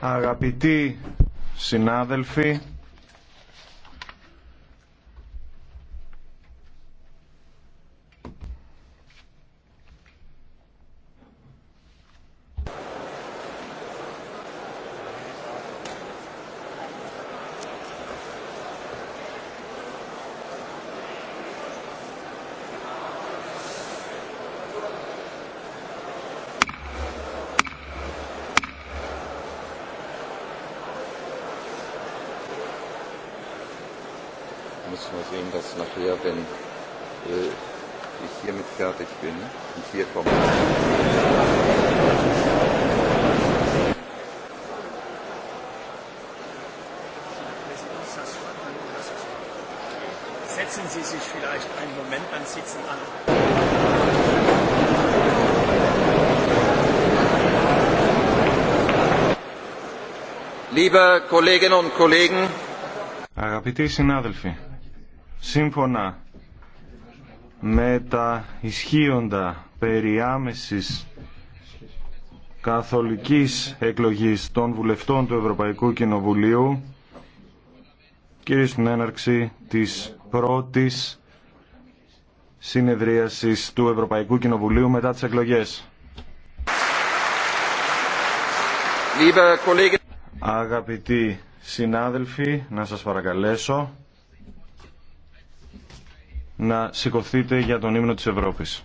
Αγαπητοί συνάδελφοι, muss sehen, dass nachher, wenn ich hiermit fertig bin und hier komme. Setzen Sie sich vielleicht einen Moment beim Sitzen an. Liebe Kolleginnen und Kollegen, Αγαπητοί συνάδελφοι, σύμφωνα με τα ισχύοντα περί άμεσης καθολικής εκλογής των βουλευτών του Ευρωπαϊκού Κοινοβουλίου και στην έναρξη της πρώτης συνεδρίασης του Ευρωπαϊκού Κοινοβουλίου μετά τις εκλογές. Αγαπητοί συνάδελφοι, να σας παρακαλέσω να σηκωθείτε για τον ύμνο της Ευρώπης.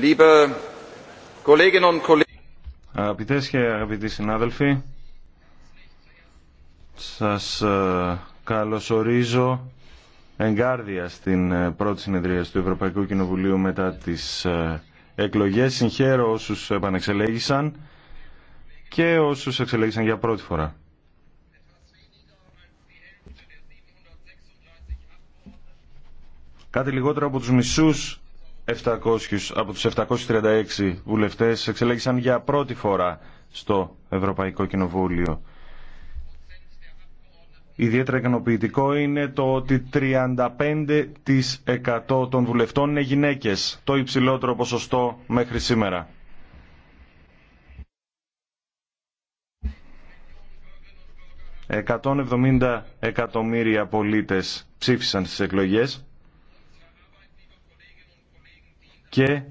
Liebe Αγαπητές και αγαπητοί συνάδελφοι, σας ε, καλωσορίζω εγκάρδια στην ε, πρώτη συνεδρία του Ευρωπαϊκού Κοινοβουλίου μετά τις ε, εκλογές. Συγχαίρω όσους επανεξελέγησαν και όσους εξελέγησαν για πρώτη φορά. Κάτι λιγότερο από τους μισούς 700, από τους 736 βουλευτές εξελέγησαν για πρώτη φορά στο Ευρωπαϊκό Κοινοβούλιο. Ιδιαίτερα ικανοποιητικό είναι το ότι 35% των βουλευτών είναι γυναίκες, το υψηλότερο ποσοστό μέχρι σήμερα. «170 εκατομμύρια πολίτες ψήφισαν στις εκλογές και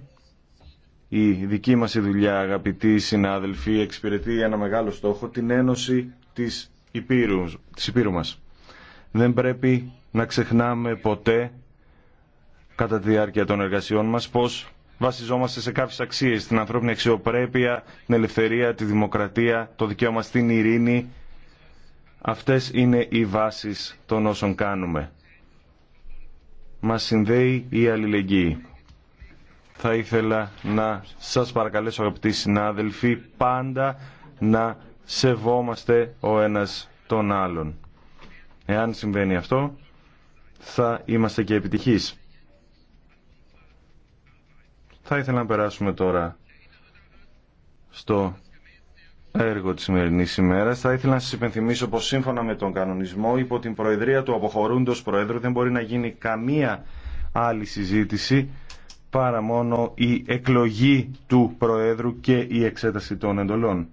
η δική μας η δουλειά αγαπητοί συνάδελφοι εξυπηρετεί ένα μεγάλο στόχο την ένωση της Υπήρου, της Υπήρου μας. Δεν πρέπει να ξεχνάμε ποτέ κατά τη διάρκεια των εργασιών μας πως βασιζόμαστε σε κάποιες αξίες, την ανθρώπινη αξιοπρέπεια, την ελευθερία, τη δημοκρατία, το δικαίωμα στην ειρήνη. Αυτές είναι οι βάσεις των όσων κάνουμε. Μας συνδέει η αλληλεγγύη θα ήθελα να σας παρακαλέσω αγαπητοί συνάδελφοι πάντα να σεβόμαστε ο ένας τον άλλον. Εάν συμβαίνει αυτό θα είμαστε και επιτυχείς. Θα ήθελα να περάσουμε τώρα στο έργο της σημερινής ημέρας. Θα ήθελα να σας υπενθυμίσω πως σύμφωνα με τον κανονισμό υπό την προεδρία του αποχωρούντος Προέδρου δεν μπορεί να γίνει καμία άλλη συζήτηση παρά μόνο η εκλογή του Προέδρου και η εξέταση των εντολών.